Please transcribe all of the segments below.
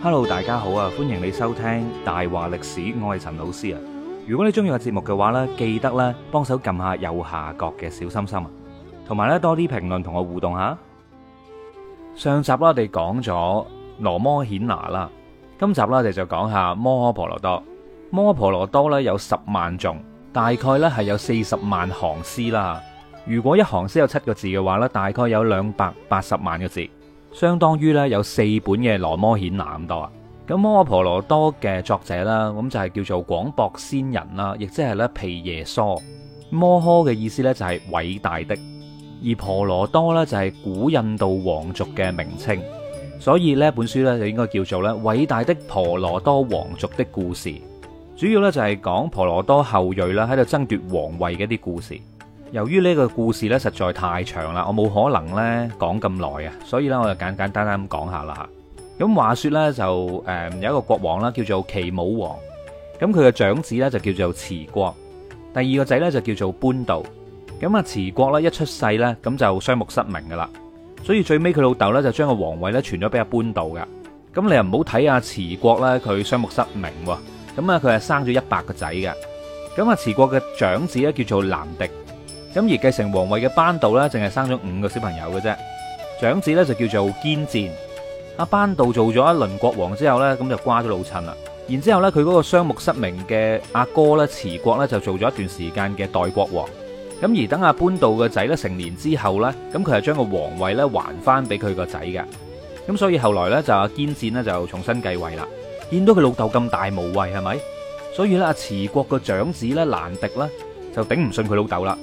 Hello，大家好啊！歡迎你收聽大話歷史，我係陳老師啊！如果你中意個節目嘅話呢，記得咧幫手撳下右下角嘅小心心啊，同埋呢多啲評論同我互動下。上集啦，我哋講咗羅摩顯拿啦，今集啦我哋就講下摩訶婆羅多。摩訶婆羅多呢有十萬頌，大概呢係有四十萬行詩啦。如果一行詩有七個字嘅話呢，大概有兩百八十萬個字。相當於咧有四本嘅《羅摩衍那》咁多啊，咁《摩訶婆羅多》嘅作者啦，咁就係叫做廣博仙人啦，亦即係咧毗耶娑。摩訶嘅意思咧就係偉大的，而婆羅多咧就係古印度王族嘅名稱，所以呢本書咧就應該叫做咧偉大的婆羅多王族的故事。主要咧就係講婆羅多後裔啦喺度爭奪王位嘅一啲故事。由於呢個故事咧實在太長啦，我冇可能咧講咁耐啊，所以咧我就簡簡單單咁講下啦吓。咁話說呢，就誒有一個國王啦，叫做奇武王。咁佢嘅長子呢，就叫做慈國，第二個仔呢，就叫做般道。咁啊，慈國呢，一出世呢，咁就雙目失明噶啦，所以最尾佢老豆呢，就將個皇位咧傳咗俾阿般道噶。咁你又唔好睇阿慈國呢，佢雙目失明喎。咁啊，佢係生咗一百個仔嘅。咁啊，慈國嘅長子呢，叫做南迪。咁而繼承王位嘅班道呢，淨係生咗五個小朋友嘅啫。長子呢，就叫做堅戰。阿班道做咗一輪國王之後呢，咁就瓜咗老襯啦。然之後呢，佢嗰個雙目失明嘅阿哥呢，持國呢，就做咗一段時間嘅代國王。咁而等阿班道嘅仔呢，成年之後呢，咁佢係將個王位呢，還翻俾佢個仔嘅。咁所以後來呢，就阿堅戰呢，就重新繼位啦。見到佢老豆咁大無畏係咪？所以呢，阿持國嘅長子呢，難敵呢，就頂唔順佢老豆啦。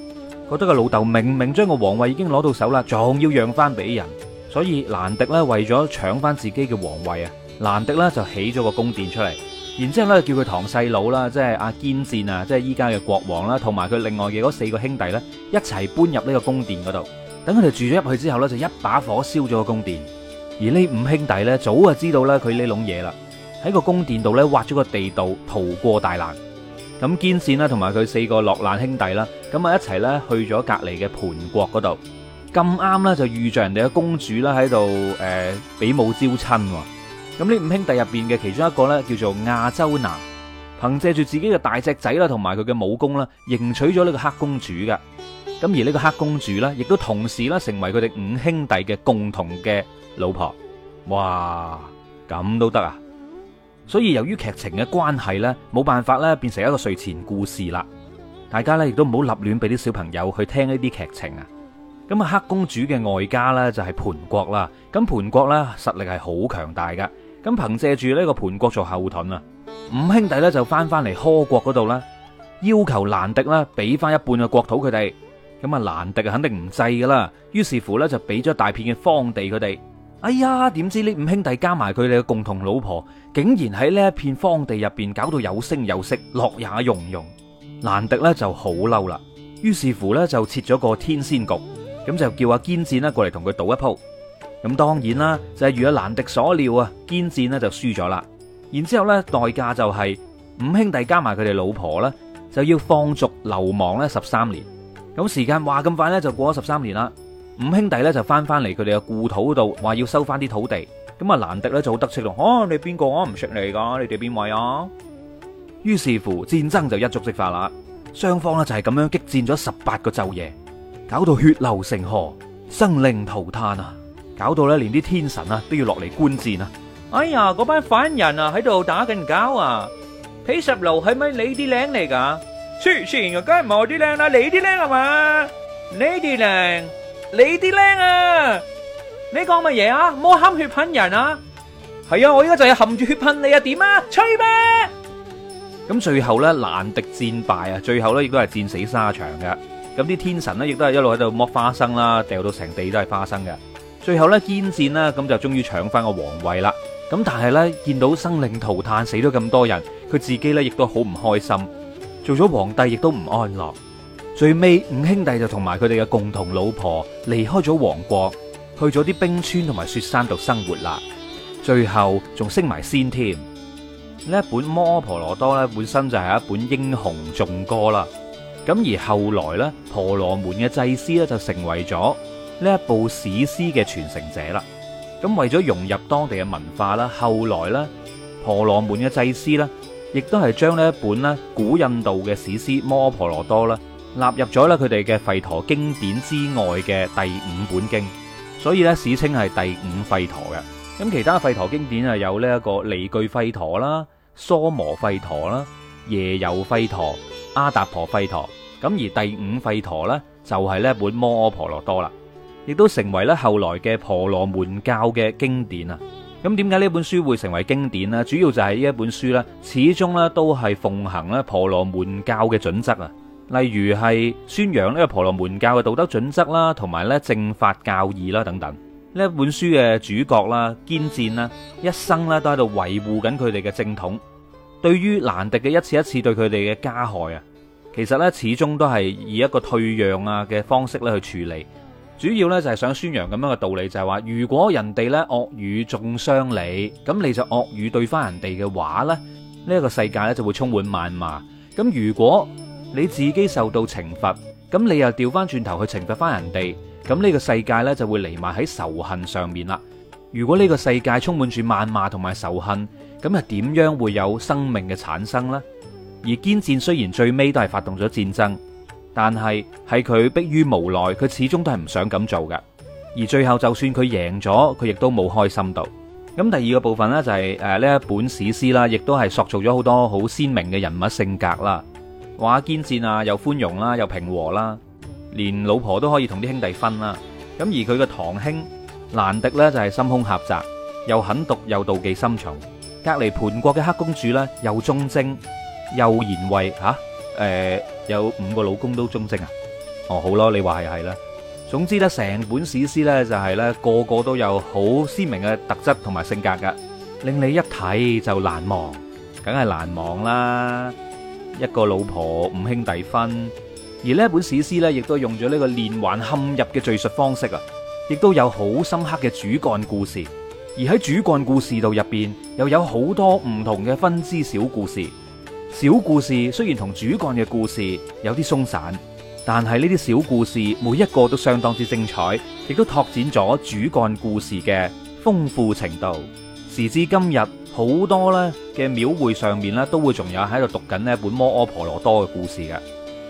覺得個老豆明明將個皇位已經攞到手啦，仲要讓翻俾人，所以蘭迪咧為咗搶翻自己嘅皇位啊，蘭迪呢就起咗個宮殿出嚟，然之後咧叫佢堂細佬啦，即係阿堅戰啊，即係依家嘅國王啦，同埋佢另外嘅嗰四個兄弟咧一齊搬入呢個宮殿嗰度，等佢哋住咗入去之後咧就一把火燒咗個宮殿，而呢五兄弟咧早就知道咧佢呢籠嘢啦，喺個宮殿度咧挖咗個地道逃過大難。咁堅戰啦，同埋佢四個落難兄弟啦，咁啊一齊咧去咗隔籬嘅盤國嗰度，咁啱咧就遇着人哋嘅公主啦喺度誒比武招親喎。咁呢五兄弟入邊嘅其中一個咧叫做亞洲男，憑借住自己嘅大隻仔啦，同埋佢嘅武功啦，迎娶咗呢個黑公主噶。咁而呢個黑公主咧，亦都同時咧成為佢哋五兄弟嘅共同嘅老婆。哇，咁都得啊！所以由於劇情嘅關係呢，冇辦法咧變成一個睡前故事啦。大家咧亦都唔好立亂俾啲小朋友去聽呢啲劇情啊。咁啊，黑公主嘅外家呢，就係盤國啦。咁盤國呢，實力係好強大噶。咁憑借住呢個盤國做後盾啊，五兄弟呢就翻翻嚟柯國嗰度啦，要求蘭迪啦俾翻一半嘅國土佢哋。咁啊，蘭迪肯定唔制噶啦。於是乎呢，就俾咗大片嘅荒地佢哋。哎呀，點知呢五兄弟加埋佢哋嘅共同老婆，竟然喺呢一片荒地入邊搞到有聲有色，樂也融融。蘭迪呢就好嬲啦，於是乎呢就設咗個天仙局，咁就叫阿堅戰呢過嚟同佢賭一鋪。咁當然啦，就係如阿蘭迪所料啊，堅戰呢就輸咗啦。然之後呢代價就係五兄弟加埋佢哋老婆呢，就要放逐流亡呢十三年。咁時間話咁快呢，就過咗十三年啦。五兄弟咧就翻翻嚟佢哋嘅故土度，話要收翻啲土地。咁啊，難敵咧就好得戚咯。哦，你邊個？我唔識你噶，你哋邊位啊？於是乎，戰爭就一觸即發啦。雙方咧就係咁樣激戰咗十八個晝夜，搞到血流成河，生靈塗炭啊！搞到咧連啲天神啊都要落嚟觀戰啊！哎呀，嗰班凡人啊喺度打緊交啊！起十樓係咪你啲靚嚟噶？是是，我梗係冇啲靚啦，你啲靚係嘛，你啲靚。你啲僆啊！你講乜嘢啊？唔好含血噴人啊！係啊，我依家就係含住血噴你啊！點啊？吹咩？咁最後呢，難敵戰敗啊！最後呢亦都係戰死沙場嘅。咁啲天神呢，亦都係一路喺度剝花生啦，掉到成地都係花生嘅。最後呢，堅戰啦，咁就終於搶翻個皇位啦。咁但係呢，見到生靈塗炭，死咗咁多人，佢自己呢亦都好唔開心，做咗皇帝亦都唔安樂。最尾五兄弟就同埋佢哋嘅共同老婆離開咗王國，去咗啲冰川同埋雪山度生活啦。最後仲升埋仙添。呢一本《摩訶婆羅多》咧，本身就係一本英雄頌歌啦。咁而後來咧，婆羅門嘅祭司咧就成為咗呢一部史詩嘅傳承者啦。咁為咗融入當地嘅文化啦，後來咧婆羅門嘅祭司咧，亦都係將呢一本咧古印度嘅史詩《摩訶婆羅多》啦。納入咗啦佢哋嘅吠陀經典之外嘅第五本經，所以咧史稱係第五吠陀嘅。咁其他吠陀經典啊有呢、這、一個離句吠陀啦、梭摩吠陀啦、夜游吠陀、阿達婆吠陀。咁而第五吠陀呢，就係呢本摩訶婆羅多啦，亦都成為咧後來嘅婆羅門教嘅經典啊。咁點解呢本書會成為經典呢？主要就係呢一本書呢始終呢都係奉行咧婆羅門教嘅準則啊。例如係宣揚呢個婆羅門教嘅道德準則啦，同埋咧正法教義啦等等。呢一本書嘅主角啦，堅戰啦，一生咧都喺度維護緊佢哋嘅正統。對於難敵嘅一次一次對佢哋嘅加害啊，其實呢始終都係以一個退讓啊嘅方式咧去處理。主要呢就係想宣揚咁樣嘅道理，就係話如果人哋呢惡語中傷你，咁你就惡語對翻人哋嘅話呢，呢一個世界呢就會充滿謾罵。咁如果你自己受到懲罰，咁你又調翻轉頭去懲罰翻人哋，咁呢個世界呢就會彌漫喺仇恨上面啦。如果呢個世界充滿住謾罵同埋仇恨，咁又點樣會有生命嘅產生呢？而堅戰雖然最尾都係發動咗戰爭，但係係佢迫於無奈，佢始終都係唔想咁做㗎。而最後就算佢贏咗，佢亦都冇開心到。咁第二個部分呢，就係，就係誒呢一本史詩啦，亦都係塑造咗好多好鮮明嘅人物性格啦。話堅戰啊，又寬容啦，又平和啦，連老婆都可以同啲兄弟分啦。咁而佢個堂兄難敵咧，就係心胸狹窄，又狠毒又妒忌心重。隔籬盤國嘅黑公主咧，又忠貞又賢惠吓，誒，有五個老公都忠貞啊。哦，好咯，你話係係啦。總之咧，成本史詩咧就係咧個個都有好鮮明嘅特質同埋性格噶，令你一睇，就難忘，梗係難忘啦。一個老婆五兄弟分，而呢本史詩咧，亦都用咗呢個連環陷入嘅敘述方式啊，亦都有好深刻嘅主幹故事，而喺主幹故事度入邊，又有好多唔同嘅分支小故事。小故事雖然同主幹嘅故事有啲鬆散，但係呢啲小故事每一個都相當之精彩，亦都拓展咗主幹故事嘅豐富程度。時至今日，好多咧嘅廟會上面咧都會仲有喺度讀緊咧本《摩訶婆羅多》嘅故事嘅，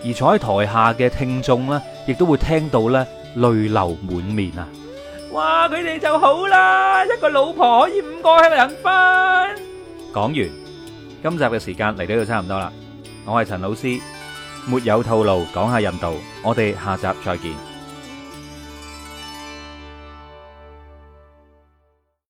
而坐喺台下嘅聽眾咧亦都會聽到咧淚流滿面啊！哇，佢哋就好啦，一個老婆可以五個吃人分。講完，今集嘅時間嚟到要差唔多啦，我係陳老師，沒有套路講下印度，我哋下集再見。